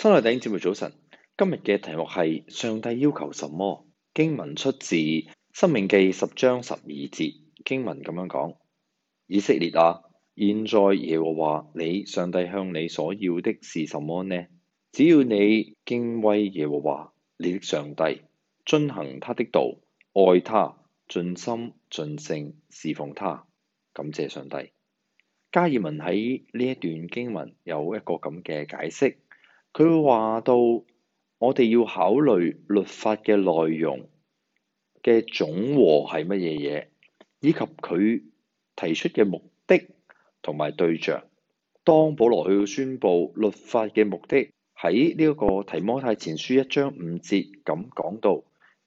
親愛的弟兄姊妹早晨，今日嘅題目係上帝要求什麼？經文出自《申命記》十章十二節，經文咁樣講：以色列啊，現在耶和華你上帝向你所要的是什麼呢？只要你敬畏耶和華你的上帝，遵行他的道，愛他，盡心盡性侍奉他，感謝上帝。加爾文喺呢一段經文有一個咁嘅解釋。佢會話到，我哋要考慮律法嘅內容嘅總和係乜嘢嘢，以及佢提出嘅目的同埋對象。當保羅去宣佈律法嘅目的喺呢一個提摩太前書一章五節咁講到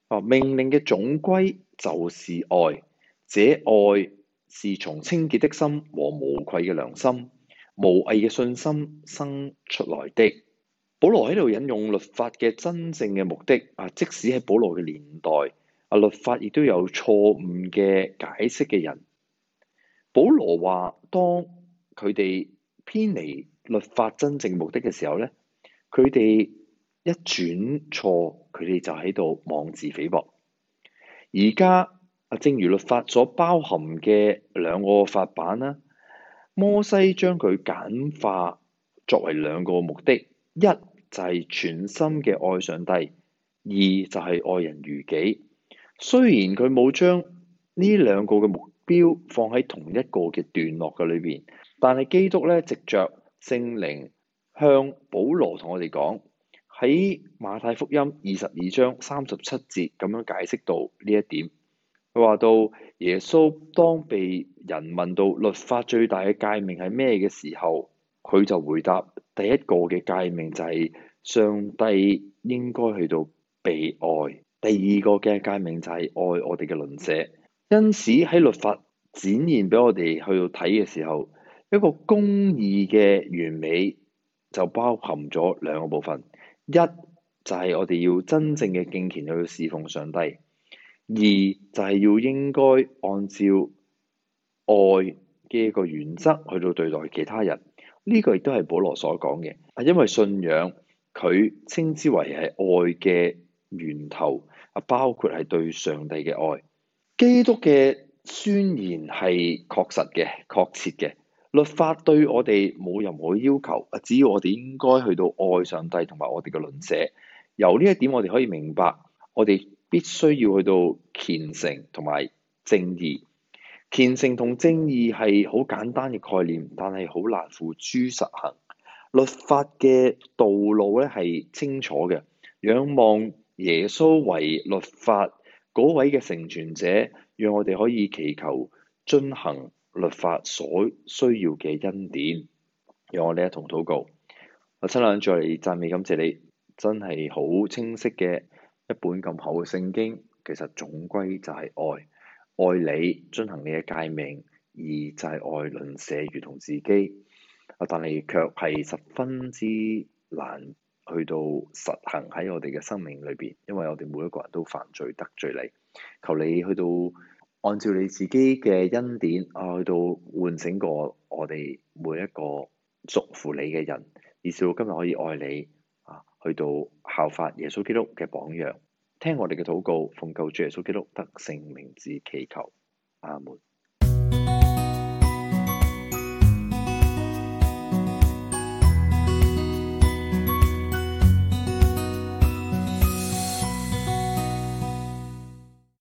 啊，命令嘅總歸就是愛，這愛是從清潔的心和無愧嘅良心、無偽嘅信心生出來的。保羅喺度引用律法嘅真正嘅目的啊，即使喺保羅嘅年代啊，律法亦都有錯誤嘅解釋嘅人。保羅話，當佢哋偏離律法真正目的嘅時候咧，佢哋一轉錯，佢哋就喺度妄自菲薄。而家啊，正如律法所包含嘅兩個法版啦，摩西將佢簡化作為兩個目的一，就係全心嘅愛上帝，二就係愛人如己。雖然佢冇將呢兩個嘅目標放喺同一個嘅段落嘅裏邊，但係基督呢藉着聖靈向保羅同我哋講，喺馬太福音二十二章三十七節咁樣解釋到呢一點。佢話到耶穌當被人問到律法最大嘅誡命係咩嘅時候，佢就回答。第一個嘅誡命就係上帝應該去到被愛；第二個嘅誡命就係愛我哋嘅鄰舍。因此喺律法展現俾我哋去到睇嘅時候，一個公義嘅完美就包含咗兩個部分：一就係我哋要真正嘅敬虔去侍奉上帝；二就係要應該按照愛嘅一個原則去到對待其他人。呢個亦都係保羅所講嘅，啊，因為信仰佢稱之為係愛嘅源頭，啊，包括係對上帝嘅愛。基督嘅宣言係確實嘅、確切嘅，律法對我哋冇任何要求，啊，只要我哋應該去到愛上帝同埋我哋嘅鄰舍。由呢一點我哋可以明白，我哋必須要去到虔誠同埋正義。虔誠同正義係好簡單嘅概念，但係好難付諸實行。律法嘅道路咧，係清楚嘅，仰望耶穌為律法嗰位嘅成全者，讓我哋可以祈求遵行律法所需要嘅恩典。讓我哋一同禱告。我親兩再嚟讚美感謝你，真係好清晰嘅一本咁厚嘅聖經，其實總歸就係愛。愛你進行你嘅誡命，而就係愛鄰舍如同自己，但你卻係十分之難去到實行喺我哋嘅生命裏邊，因為我哋每一個人都犯罪得罪你，求你去到按照你自己嘅恩典啊，去到喚醒過我哋每一個祝福你嘅人，而至到今日可以愛你啊，去到效法耶穌基督嘅榜樣。聽我哋嘅禱告，奉救主耶穌基督得聖名字祈求，阿門。